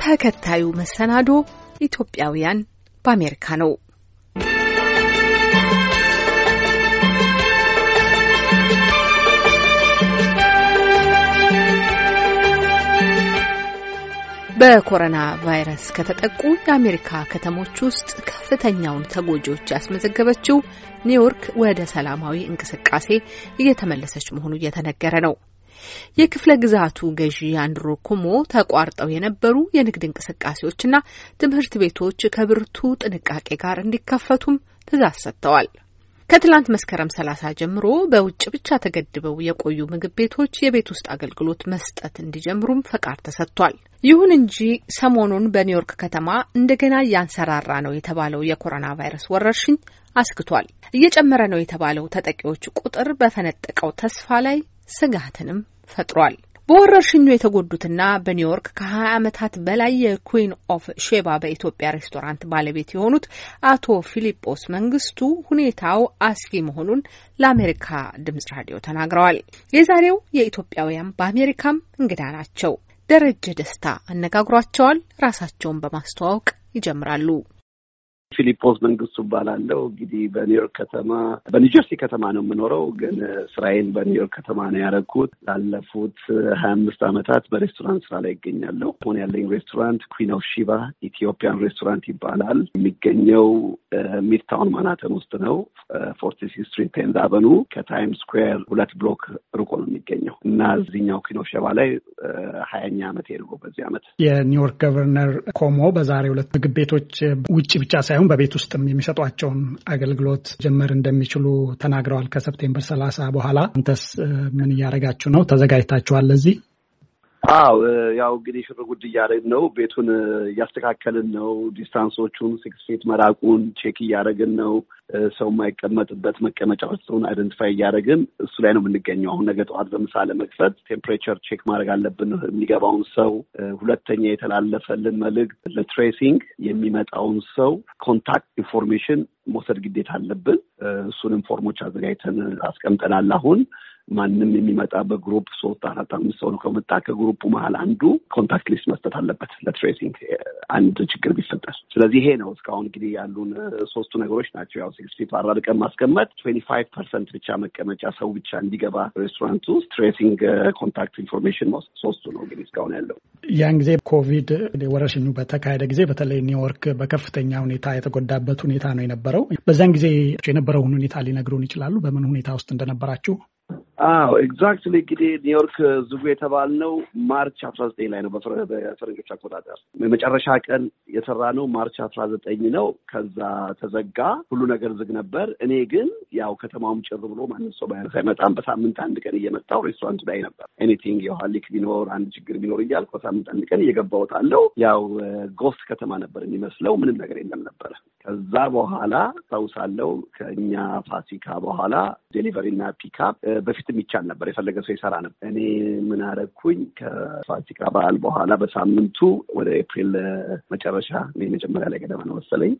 ተከታዩ መሰናዶ ኢትዮጵያውያን በአሜሪካ ነው። በኮሮና ቫይረስ ከተጠቁ የአሜሪካ ከተሞች ውስጥ ከፍተኛውን ተጎጂዎች ያስመዘገበችው ኒውዮርክ ወደ ሰላማዊ እንቅስቃሴ እየተመለሰች መሆኑ እየተነገረ ነው። የክፍለ ግዛቱ ገዢ አንድሮ ኩሞ ተቋርጠው የነበሩ የንግድ እንቅስቃሴዎችና ትምህርት ቤቶች ከብርቱ ጥንቃቄ ጋር እንዲከፈቱም ትዕዛዝ ሰጥተዋል። ከትላንት መስከረም ሰላሳ ጀምሮ በውጭ ብቻ ተገድበው የቆዩ ምግብ ቤቶች የቤት ውስጥ አገልግሎት መስጠት እንዲጀምሩም ፈቃድ ተሰጥቷል። ይሁን እንጂ ሰሞኑን በኒውዮርክ ከተማ እንደገና እያንሰራራ ነው የተባለው የኮሮና ቫይረስ ወረርሽኝ አስክቷል። እየጨመረ ነው የተባለው ተጠቂዎች ቁጥር በፈነጠቀው ተስፋ ላይ ስጋትንም ፈጥሯል። በወረርሽኙ የተጎዱትና በኒውዮርክ ከ20 ዓመታት በላይ የኩዊን ኦፍ ሼባ በኢትዮጵያ ሬስቶራንት ባለቤት የሆኑት አቶ ፊሊጶስ መንግስቱ ሁኔታው አስጊ መሆኑን ለአሜሪካ ድምጽ ራዲዮ ተናግረዋል። የዛሬው የኢትዮጵያውያን በአሜሪካም እንግዳ ናቸው። ደረጀ ደስታ አነጋግሯቸዋል። ራሳቸውን በማስተዋወቅ ይጀምራሉ። ፊሊፖስ መንግስቱ እባላለሁ። እንግዲህ በኒውዮርክ ከተማ በኒውጀርሲ ከተማ ነው የምኖረው፣ ግን ስራዬን በኒውዮርክ ከተማ ነው ያረኩት ላለፉት ሀያ አምስት አመታት በሬስቶራንት ስራ ላይ ይገኛለሁ። አሁን ያለኝ ሬስቶራንት ኩዊን ኦፍ ሺባ ኢትዮጵያን ሬስቶራንት ይባላል። የሚገኘው ሚድታውን ማናተን ውስጥ ነው። ፎርቲ ሲክስ ስትሪት ቴንዝ አቨኑ ከታይም ስኩዌር ሁለት ብሎክ ርቆ ነው የሚገኘው እና እዚኛው ኩዊን ኦፍ ሺባ ላይ ሀያኛ ዓመት ሄድጎ በዚህ ዓመት የኒውዮርክ ገቨርነር ኮሞ በዛሬ ሁለት ምግብ ቤቶች ውጭ ብቻ ሳይሆን አሁን በቤት ውስጥም የሚሰጧቸውን አገልግሎት ጀመር እንደሚችሉ ተናግረዋል። ከሰፕቴምበር ሰላሳ በኋላ አንተስ ምን እያደረጋችሁ ነው? ተዘጋጅታችኋል ለዚህ? አዎ ያው እንግዲህ ሽር ጉድ እያደረግን ነው። ቤቱን እያስተካከልን ነው። ዲስታንሶቹን ሲክስ ፊት መራቁን ቼክ እያደረግን ነው። ሰው የማይቀመጥበት መቀመጫዎችን አይደንቲፋይ እያደረግን እሱ ላይ ነው የምንገኘው። አሁን ነገ ጠዋት በምሳ ለመክፈት ቴምፕሬቸር ቼክ ማድረግ አለብን የሚገባውን ሰው። ሁለተኛ የተላለፈልን መልእክት ለትሬሲንግ የሚመጣውን ሰው ኮንታክት ኢንፎርሜሽን መውሰድ ግዴታ አለብን። እሱንም ፎርሞች አዘጋጅተን አስቀምጠናል አሁን ማንም የሚመጣ በግሩፕ ሶስት አራት አምስት ሰው ነው ከመጣ ከግሩፑ መሀል አንዱ ኮንታክት ሊስት መስጠት አለበት ለትሬሲንግ አንድ ችግር ቢፈጠር። ስለዚህ ይሄ ነው እስካሁን እንግዲህ ያሉን ሶስቱ ነገሮች ናቸው። ያው ሲክስ ፊት አራር ቀን ማስቀመጥ፣ ትዌንቲ ፋይቭ ፐርሰንት ብቻ መቀመጫ ሰው ብቻ እንዲገባ ሬስቶራንት ውስጥ ትሬሲንግ፣ ኮንታክት ኢንፎርሜሽን መውሰድ ሶስቱ ነው እንግዲህ እስካሁን ያለው። ያን ጊዜ ኮቪድ ወረርሽኙ በተካሄደ ጊዜ በተለይ ኒውዮርክ በከፍተኛ ሁኔታ የተጎዳበት ሁኔታ ነው የነበረው። በዛን ጊዜ የነበረውን ሁኔታ ሊነግሩን ይችላሉ? በምን ሁኔታ ውስጥ እንደነበራችሁ አዎ ኤግዛክትሊ እንግዲህ ኒውዮርክ ዝጉ የተባልነው ማርች አስራ ዘጠኝ ላይ ነው በፈረንጆች አቆጣጠር። የመጨረሻ ቀን የሰራ ነው ማርች አስራ ዘጠኝ ነው። ከዛ ተዘጋ፣ ሁሉ ነገር ዝግ ነበር። እኔ ግን ያው ከተማውም ጭር ብሎ ማንም ሰው ባይነት አይመጣም። በሳምንት አንድ ቀን እየመጣው ሬስቶራንት ላይ ነበር። ኤኒቲንግ ሊክ ቢኖር አንድ ችግር ቢኖር እያልኩ በሳምንት አንድ ቀን እየገባውታለው ያው ጎስት ከተማ ነበር የሚመስለው፣ ምንም ነገር የለም ነበረ። ከዛ በኋላ ታውሳለው ከእኛ ፋሲካ በኋላ ዴሊቨሪ እና ፒካፕ በፊት ማለትም ይቻል ነበር። የፈለገ ሰው ይሰራ ነበር። እኔ ምን አደረኩኝ? ከፋሲካ በዓል በኋላ በሳምንቱ ወደ ኤፕሪል መጨረሻ መጀመሪያ ላይ ገደማ ነው መሰለኝ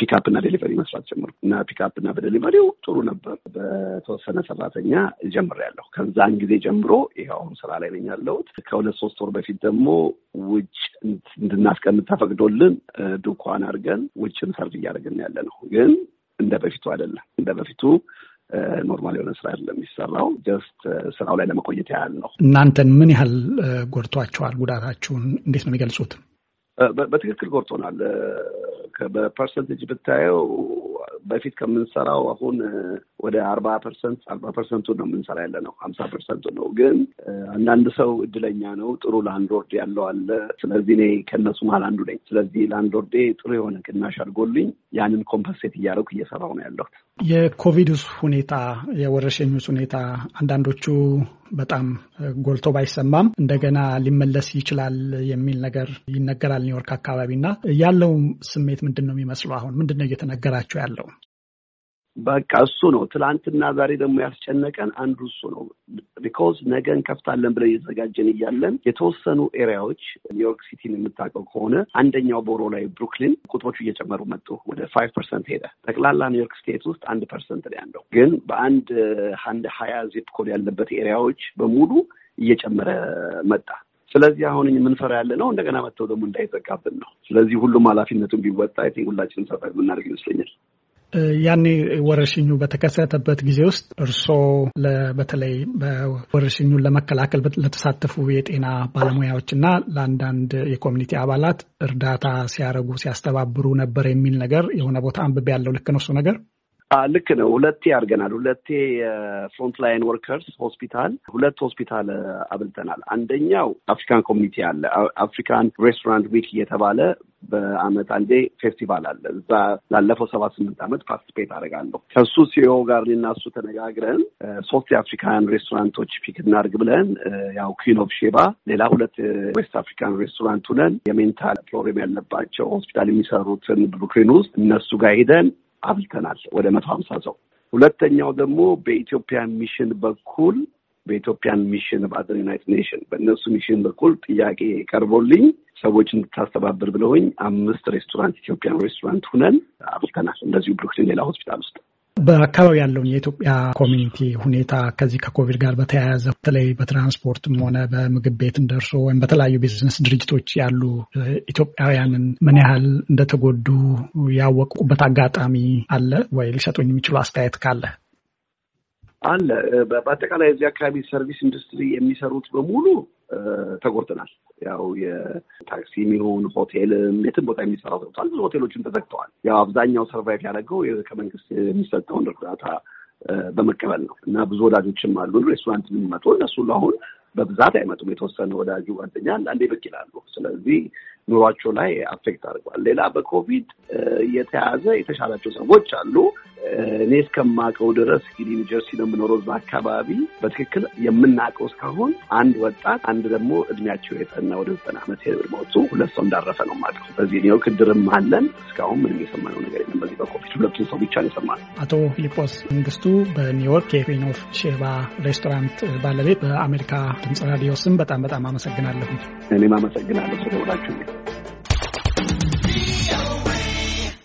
ፒክአፕ እና ዴሊቨሪ መስራት ጀምሩ እና ፒክአፕ እና በዴሊቨሪው ጥሩ ነበር። በተወሰነ ሰራተኛ ጀምሬያለሁ። ከዛን ጊዜ ጀምሮ ይኸው አሁን ስራ ላይ ነኝ ያለሁት። ከሁለት ሶስት ወር በፊት ደግሞ ውጭ እንድናስቀምጥ ተፈቅዶልን ድንኳን አድርገን ውጭን ሰርቭ እያደረግን ያለ ነው ግን እንደ በፊቱ አይደለም። እንደ በፊቱ ኖርማል የሆነ ስራ አይደለም የሚሰራው። ጀስት ስራው ላይ ለመቆየት ያህል ነው። እናንተን ምን ያህል ጎድቷቸዋል? ጉዳታችሁን እንዴት ነው የሚገልጹት? በትክክል ጎድቶናል። በፐርሰንቴጅ ብታየው በፊት ከምንሰራው አሁን ወደ አርባ ፐርሰንት አርባ ፐርሰንቱን ነው የምንሰራ ያለ ነው። ሀምሳ ፐርሰንቱ ነው ግን አንዳንድ ሰው እድለኛ ነው። ጥሩ ላንድሎርድ ያለው አለ። ስለዚህ እኔ ከእነሱ መሀል አንዱ ነኝ። ስለዚህ ላንድሎርዴ ጥሩ የሆነ ቅናሽ አድርጎልኝ ያንን ኮምፐንሴት እያደረኩ እየሰራው ነው ያለሁት። የኮቪድስ ሁኔታ የወረርሽኞች ሁኔታ አንዳንዶቹ በጣም ጎልቶ ባይሰማም እንደገና ሊመለስ ይችላል የሚል ነገር ይነገራል ኒውዮርክ አካባቢ እና ያለው ስሜት ምንድን ነው የሚመስለው? አሁን ምንድን ነው እየተነገራቸው ያለው? በቃ እሱ ነው። ትላንትና ዛሬ ደግሞ ያስጨነቀን አንዱ እሱ ነው። ቢኮዝ ነገ እንከፍታለን ብለን እየተዘጋጀን እያለን የተወሰኑ ኤሪያዎች ኒውዮርክ ሲቲን የምታውቀው ከሆነ አንደኛው ቦሮ ላይ ብሩክሊን ቁጥሮቹ እየጨመሩ መጡ። ወደ ፋይቭ ፐርሰንት ሄደ። ጠቅላላ ኒውዮርክ ስቴት ውስጥ አንድ ፐርሰንት ላይ ያለው ግን በአንድ አንድ ሀያ ዚፕ ኮድ ያለበት ኤሪያዎች በሙሉ እየጨመረ መጣ። ስለዚህ አሁን የምንፈራ ያለ ነው እንደገና መጥተው ደግሞ እንዳይዘጋብን ነው። ስለዚህ ሁሉም ኃላፊነቱን ቢወጣ ሁላችንም ሰፋ የምናደርግ ይመስለኛል። ያኔ ወረርሽኙ በተከሰተበት ጊዜ ውስጥ እርስዎ በተለይ ወረርሽኙን ለመከላከል ለተሳተፉ የጤና ባለሙያዎች እና ለአንዳንድ የኮሚኒቲ አባላት እርዳታ ሲያደርጉ ሲያስተባብሩ ነበር የሚል ነገር የሆነ ቦታ አንብቤ ያለው ልክ ነው እሱ ነገር? ልክ ነው። ሁለቴ አድርገናል። ሁለቴ የፍሮንትላይን ወርከርስ ሆስፒታል ሁለት ሆስፒታል አብልተናል። አንደኛው አፍሪካን ኮሚኒቲ አለ። አፍሪካን ሬስቶራንት ዊክ እየተባለ በአመት አንዴ ፌስቲቫል አለ። እዛ ላለፈው ሰባት ስምንት ዓመት ፓርቲስፔት አደርጋለሁ። ከእሱ ሲኦ ጋር እኔና እሱ ተነጋግረን ሶስት የአፍሪካን ሬስቶራንቶች ፒክ እናርግ ብለን ያው ኩዊን ኦፍ ሼባ፣ ሌላ ሁለት ዌስት አፍሪካን ሬስቶራንት ሁነን የሜንታል ፕሮብሌም ያለባቸው ሆስፒታል የሚሰሩትን ብሩክሊን ውስጥ እነሱ ጋር ሄደን አብልተናል ወደ መቶ ሀምሳ ሰው። ሁለተኛው ደግሞ በኢትዮጵያ ሚሽን በኩል በኢትዮጵያን ሚሽን በአዘር ዩናይትድ ኔሽን በእነሱ ሚሽን በኩል ጥያቄ ቀርቦልኝ ሰዎች እንድታስተባብር ብለውኝ አምስት ሬስቶራንት ኢትዮጵያን ሬስቶራንት ሁነን አብልተናል። እንደዚሁ ብሩክሊን ሌላ ሆስፒታል ውስጥ በአካባቢ ያለውን የኢትዮጵያ ኮሚኒቲ ሁኔታ ከዚህ ከኮቪድ ጋር በተያያዘ በተለይ በትራንስፖርትም ሆነ በምግብ ቤት እንደርሶ ወይም በተለያዩ ቢዝነስ ድርጅቶች ያሉ ኢትዮጵያውያንን ምን ያህል እንደተጎዱ ያወቁበት አጋጣሚ አለ ወይ? ሊሰጡኝ የሚችሉ አስተያየት ካለ አለ። በአጠቃላይ እዚህ አካባቢ ሰርቪስ ኢንዱስትሪ የሚሰሩት በሙሉ ተጎድተናል። ያው የታክሲ የሚሆን ሆቴልም የትም ቦታ የሚሰራ ተብቷል። ብዙ ሆቴሎችም ተዘግተዋል። ያው አብዛኛው ሰርቫይቭ ያደረገው ከመንግስት የሚሰጠውን እርዳታ በመቀበል ነው እና ብዙ ወዳጆችም አሉ ሬስቶራንት የሚመጡ እነሱ አሁን በብዛት አይመጡም። የተወሰነ ወዳጁ ጓደኛ አንዳንዴ ብቅ ይላሉ። ስለዚህ ኑሯቸው ላይ አፌክት አድርጓል። ሌላ በኮቪድ የተያዘ የተሻላቸው ሰዎች አሉ። እኔ እስከማውቀው ድረስ እንግዲህ ኒውጀርሲ ነው የምኖረው። እዛ አካባቢ በትክክል የምናውቀው እስካሁን አንድ ወጣት አንድ ደግሞ እድሜያቸው የጠና ወደ ዘጠና ዓመት ድሞቱ ሁለት ሰው እንዳረፈ ነው የማውቀው። በዚህ ኒውዮርክ ድርም አለን። እስካሁን ምንም የሰማነው ነገር የለም። በዚህ በኮቪድ ሁለቱን ሰው ብቻ ነው የሰማነው። አቶ ፊሊጶስ መንግስቱ በኒውዮርክ የኩዊን ኦፍ ሼባ ሬስቶራንት ባለቤት፣ በአሜሪካ ድምጽ ራዲዮ ስም በጣም በጣም አመሰግናለሁ። እኔም አመሰግናለሁ ስለሆናችሁ።